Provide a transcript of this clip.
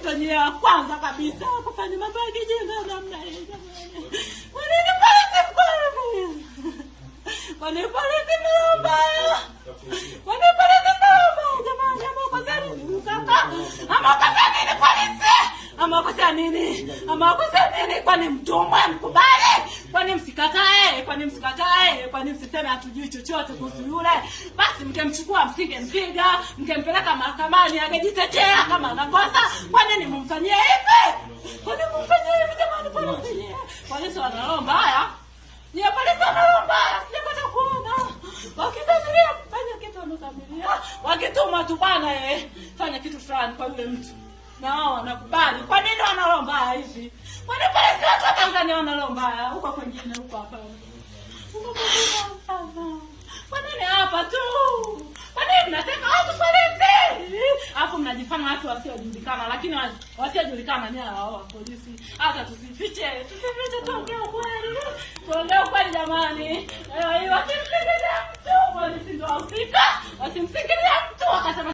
ndio njia ya kwanza kabisa kufanya mambo ya kijinga namna hii. Mwanini polisi mkwani, mwanini polisi naomba, mwanini polisi naomba jamani, amakosea nini kaka, amakosea nini polisi, amakosea nini, amakosea nini? Kwani mtumwe mkubali Kwani msikatae? Kwani msikatae? Kwani msiseme hatujui chochote kuhusu yule? Basi mkemchukua, msingempiga, mkempeleka mahakamani angejitetea kama anakosa mnamfanyia hivi? Kwa nini mnamfanyia hivi jamani? Polisi, polisi wana roho mbaya. Ni polisi wana roho mbaya, sijapata kuona. Wakisamiria fanya kitu wanasamiria. Wakituma tu bana yeye eh, fanya kitu fulani kwa yule mtu. Na wao wanakubali. Kwa nini wana roho mbaya hivi? Kwa nini sio kwa Tanzania wana roho mbaya? Huko kwingine huko hapa. Huko kama watu wasiojulikana, lakini wasiojulikana mimi nawaoa polisi. Hata tusifiche, tusifiche, tuongee ukweli, tuongee ukweli jamani. Ee, wasimsikilize mtu polisi, ndio wahusika, wasimsikilize